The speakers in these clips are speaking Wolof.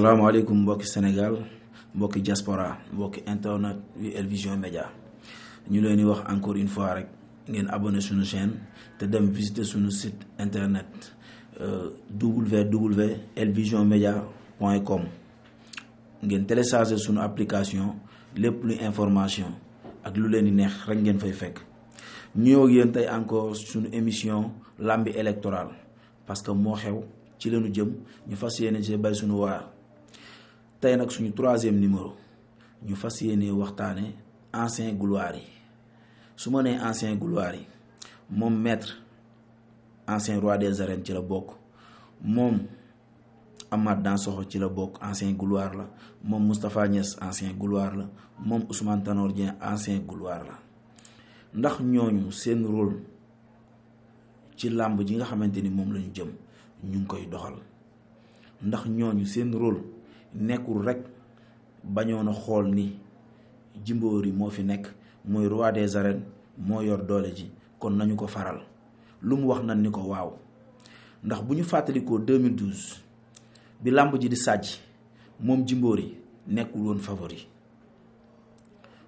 salaamaaleykum mbokki Sénégal mbokki diaspora mbokki internet et Elvision Vision Média ñu leen wax encore une fois rek ngeen abonné suñu chaîne te dem visiter suñu site internet www.elvisionmedia.com euh, elvisionmedia.com ngeen télécharger suñu application lépp lu information ak lu leen neex rek ngeen fay fekk ñu ak yéen encore suñu émission lambi électorale parce que mo xew ci lañu jëm ñu fas ci bari suñu waar tay nak suñu troisième numéro ñu fas yéene ancien gloire yi su ancien gloire yi maître ancien roi des arènes ci la bokk moom Amath Dansokho ci la bok ancien gloire la mom mustapha niess ancien gloire la mom Ousmane Tanor ancien gloire la ndax ñooñu seen rôle ci lamb ji nga xamante mom lañu jëm ñu ngi koy doxal ndax ñooñu seen rôle nekkul rek bañoon xool ni Jimbori moo fi nekk mooy roi des arènes moo yor doole ji kon nañu ko faral lu mu wax na ni ko waaw ndax bu ñu fàttalikoo 2012 bi làmb ji di sàjj moom Jimbori nekkul woon favori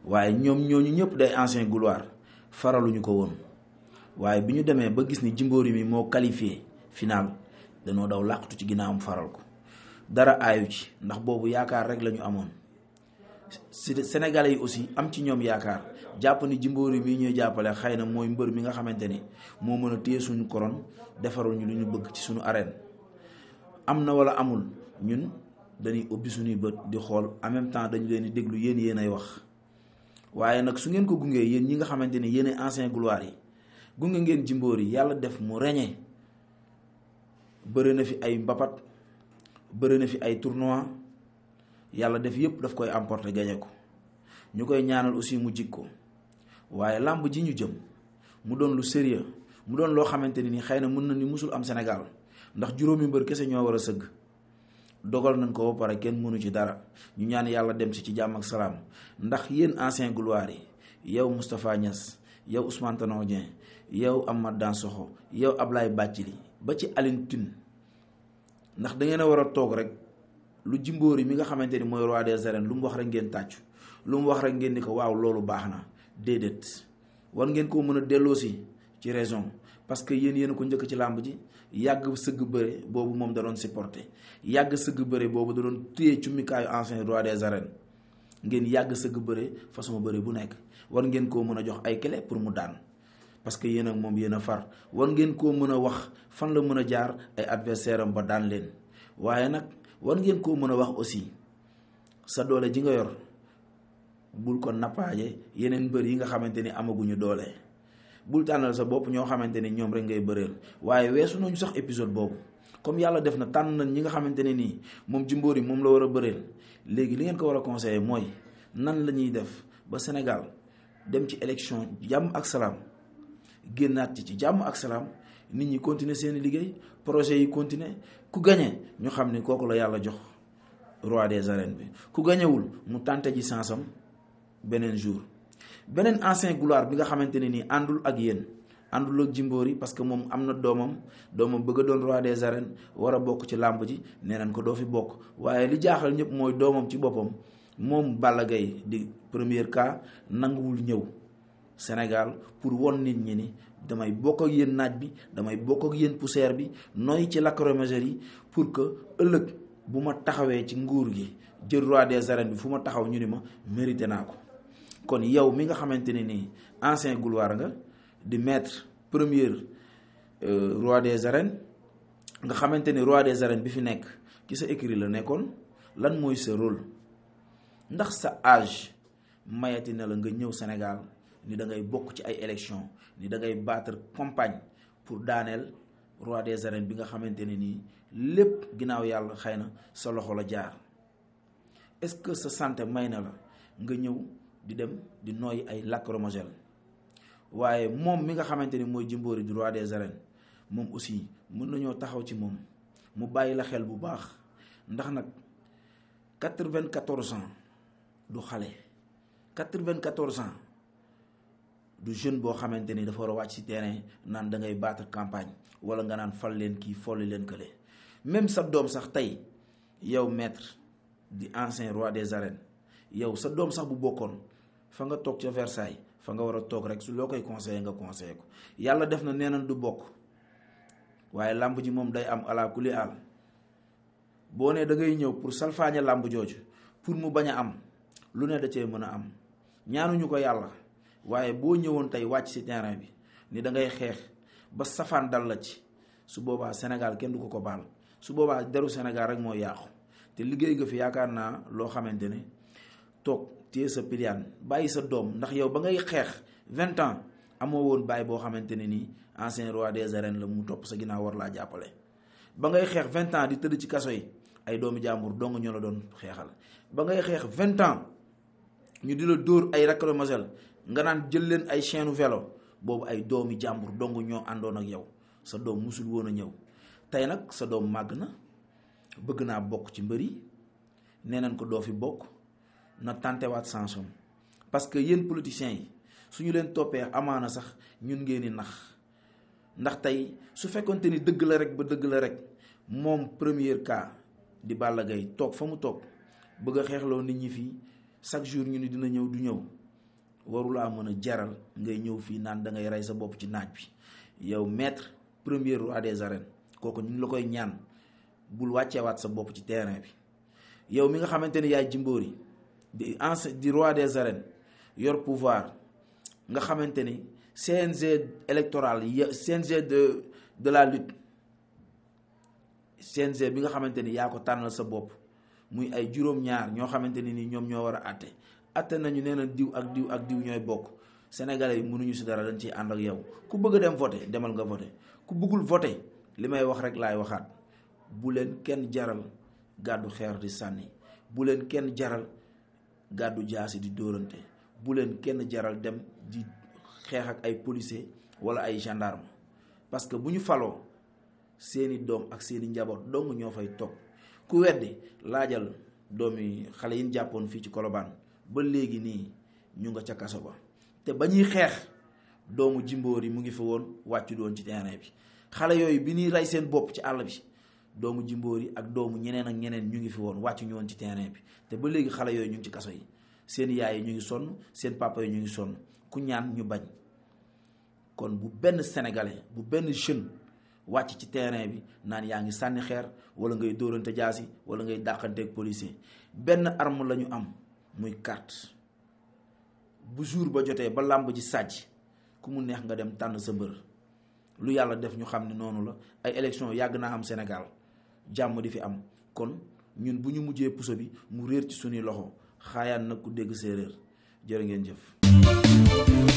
waaye ñoom ñooñu ñëpp day ancien gloire faraluñu ko woon waaye bi ñu demee ba gis ni Jimbori mi moo qualifié final danoo daw làqatu ci ginnaawam faral ko dara ayu ci ndax bobu yaakaar rek lañu amoon sénégalais yi aussi am ci ñom yaakaar japp ni jimboori mii ñuy jàppale xëy na mooy mbër mi nga xamanteni mo mëna téy suñu koron defaral ñu luñu bëgg ci suñu arène am wala amul ñun dañuy ubbi suñu bëtt di xol en même temps dañu leen di déglu yeen yeen ay wax waye nak su ngeen ko gungé yeen ñi nga xamanteni ni ay ancien gloire yi gunge ngeen jimboori yalla def mu reñee beure na fi ay mbapat bëre na fi ay tournoi yàlla def yépp daf koy emporté gagné ko ñu koy ñaanal aussi mu jikko ko waaye ji ñu jëm mu doon lu sérieux mu doon loo xamante ni xëy na mën na ni musul am Sénégal ndax juróomi mbër kese ñoo war a sëgg dogal nañ ko ba pare kenn mënu ci dara ñu ñaan yàlla dem si ci jàmm ak salaam ndax yéen ancien gloire yi yow mustapha Niass yow Ousmane tanodien yow yow Ablaye ba ci tune ndax da ngeen a war a toog rek lu jimboor yi mi nga xamante ni mooy roi des arènes lu mu wax rek ngeen tàccu lu mu wax rek ngeen ni ko waaw loolu baax na déedéet war ngeen koo mën a delloosi ci raison parce que yéen yéen ko njëkk ci làmb ji yàgg sëgg bëre boobu moom da doon supporté yàgg sëgg bëre boobu da doon téye cummikaayu ancien roi des arènes ngeen yàgg sëgg bëre façon bëre bu nekk war ngeen koo mën a jox ay clé pour mu daan parce que yéen moom yéen far war ngeen koo mën a wax fan la mën a jaar ay adversaire am ba daan leen waaye nag war ngeen koo mën a wax aussi sa doole ji nga yor bul ko nappaaje yeneen mbër yi nga xamante ni amaguñu doole bul tànnal sa bopp ñoo xamante ni ñoom rek ngay bëreel waaye weesu nañu sax épisode boobu comme yàlla def na tànn nañ ñi nga xamante ne nii moom Jimbori moom la war a bëreel léegi li ngeen ko war a conseiller mooy nan lañuy def ba Sénégal dem ci élection jàmm ak salaam. génnaat ci ci jàmm ak salaam nit ñi continuer seen liggéey projet yi continuer ku gañe ñu xam ni kooku la yàlla jox roi des arènes bi ku gañewul mu tànte ji sansam beneen jour beneen ancien gloire bi nga xamante ne nii àndul ak yéen àndul ak jimboor yi parce que moom am na doomam doomam bëgg a doon roi des arènes war a bokk ci làmb ji nee nañ ko doo fi bokk waaye li jaaxal ñëpp mooy doomam ci boppam moom Balla Gaye di première cas nanguwul ñëw Sénégal pour won nit ñi ni damay bokk ak yéen naaj bi damay bokk ak yéen poussière bi nooy ci lacrymogène yi pour que ëllëg bu ma taxawee ci nguur gi jël roi des arènes bi fu ma taxaw ñu ni ma mérité naa ko kon yow mi nga xamante ne nii ancien gloire nga di maître premier euh, roi des arènes nga xamante ni roi des arènes bi fi nekk ci sa écrit la nekkoon lan mooy sa rôle ndax sa âge mayeti na la nga ñëw Sénégal ni da ngay bokk ci ay élection ni dangay ngay battre pour daaneel roi des arènes bi nga xamante ne nii lépp ginnaaw yàlla xëy na sa loxo la jaar est-ce que sa santé may na la nga ñëw di dem di nooy ay lacrymogène waaye moom mi nga xamante ni mooy jimboori du roi des arènes moom aussi mën nañoo taxaw ci moom mu bàyyi la xel bu baax ndax nag quatre-vingt-quatorze ans du xale quatre-vingt-quatorze ans du jeune bo xamanteni dafa wara wacc ci terrain nan da ngay battre campagne wala nga nan fal len ki fol len kele même sa dom sax tay yow maître di ancien roi des arènes yow sa dom sax bu bokone fa nga tok ci versailles fa nga wara tok rek su lokay koy nga conseillé ko yalla def na nenañ du bok waye lamb ji mom day am ala kuli al bo ne da ngay ñew pour salfaañe lamb jooju pour mu baña am lu ne da cee mëna am ñaanu ñuko yalla waaye boo ñëwoon tey wàcc si terrain bi ni da ngay xeex ba safaan dal la ci su boobaa Sénégal kenn du ko ko baal su boobaa deru Sénégal rek moo yaaxu te liggéey nga fi yaakaar naa loo xamante ne toog téye sa piliyaan bàyyi sa doom ndax yow ba ngay xeex vingt ans amoo woon bàyyi boo xamante ne ancien roi des arènes la mu topp sa ginnaaw war laa jàppale ba ngay xeex vingt ans di tëdd ci kaso yi ay doomu jàmbur dong ñoo la doon xeexal ba ngay xeex vingt ans ñu di la dóor ay nga nan jël leen ay chaîne vélo bobu ay doomi jambour dongu ño andon ak yow sa doom musul wona ñew tay nak sa doom magna bëgg na bok ci mbër nenañ ko doo fi bokk na wat sansom parce que yeen politiciens yi suñu leen topé amana sax ñun ngeen di nax ndax tay su fekkonté ni dëgg la rek ba dëgg la rek mom premier cas di Balla bëgg xexlo nit ñi fi chaque jour ñu ni dina ñew du ñew warulaa mën a jaral ngay ñëw fi naan da ngay rey sa bop ci naaj bi yow maître premier roi des arènes kooku ñu la koy ñaan bul wàcceewaat sa bop ci terrain bi yow mi nga xamanteni ni yaay jimboori di ans di roi des arènes yor pouvoir nga xamanteni CNG électoral CNG de de la lutte CNG bi nga xamanteni ya ko tanal sa bop muy ay juroom ñaar ño xamanteni ni ni ñoom ñoo war atté nañu néna diw ak diw ak diw ñoy bok sénégalais yi mënuñu ci dara dañ ci and ak yow ku bëgg dem voter demal nga voter ku bëggul voter limay wax rek lay waxaat bu len kenn jaral gaddu xéer di sanni bu len kenn jaral gaddu jaasi di dóorante bu len kenn jaral dem di xéx ak ay policier wala ay gendarme parce que buñu falo seeni dom ak seeni njabot dong ñofay top ku weddi laajal domi xalé yi jàppoon fi ci kolobaan ba léegi nii ñu nga ca kaso ba te ba ñuy xeex doomu jimboor yi mu ngi fa woon wàcc doon ci terrain bi xale yooyu bi ñuy rey seen bopp ci àll bi doomu jimboor yi ak doomu ñeneen ak ñeneen ñu ngi fi woon wàccu ñu woon ci terrain bi te ba léegi xale yooyu ñu ngi ci kaso yi seen yaay yi ñu ngi sonn seen papa yi ñu ngi sonn ku ñaan ñu bañ kon bu benn sénégalais bu benn jeune wàcc ci terrain bi naan yaa ngi sànni xeer wala ngay dóorante jaasi wala ngay dàqanteeg policier benn arme la am muy carte bu jour ba jotee ba làmb ji sàjj ku mu neex nga dem tànn sa mbër lu yàlla def ñu xam ne noonu la ay élection yàgg naa am senegal jàmm di fi am kon ñun bu ñu mujjee puso bi mu réer ci suñuy loxo xaayaan nag ku dégg séeréer jërë ngeen jëf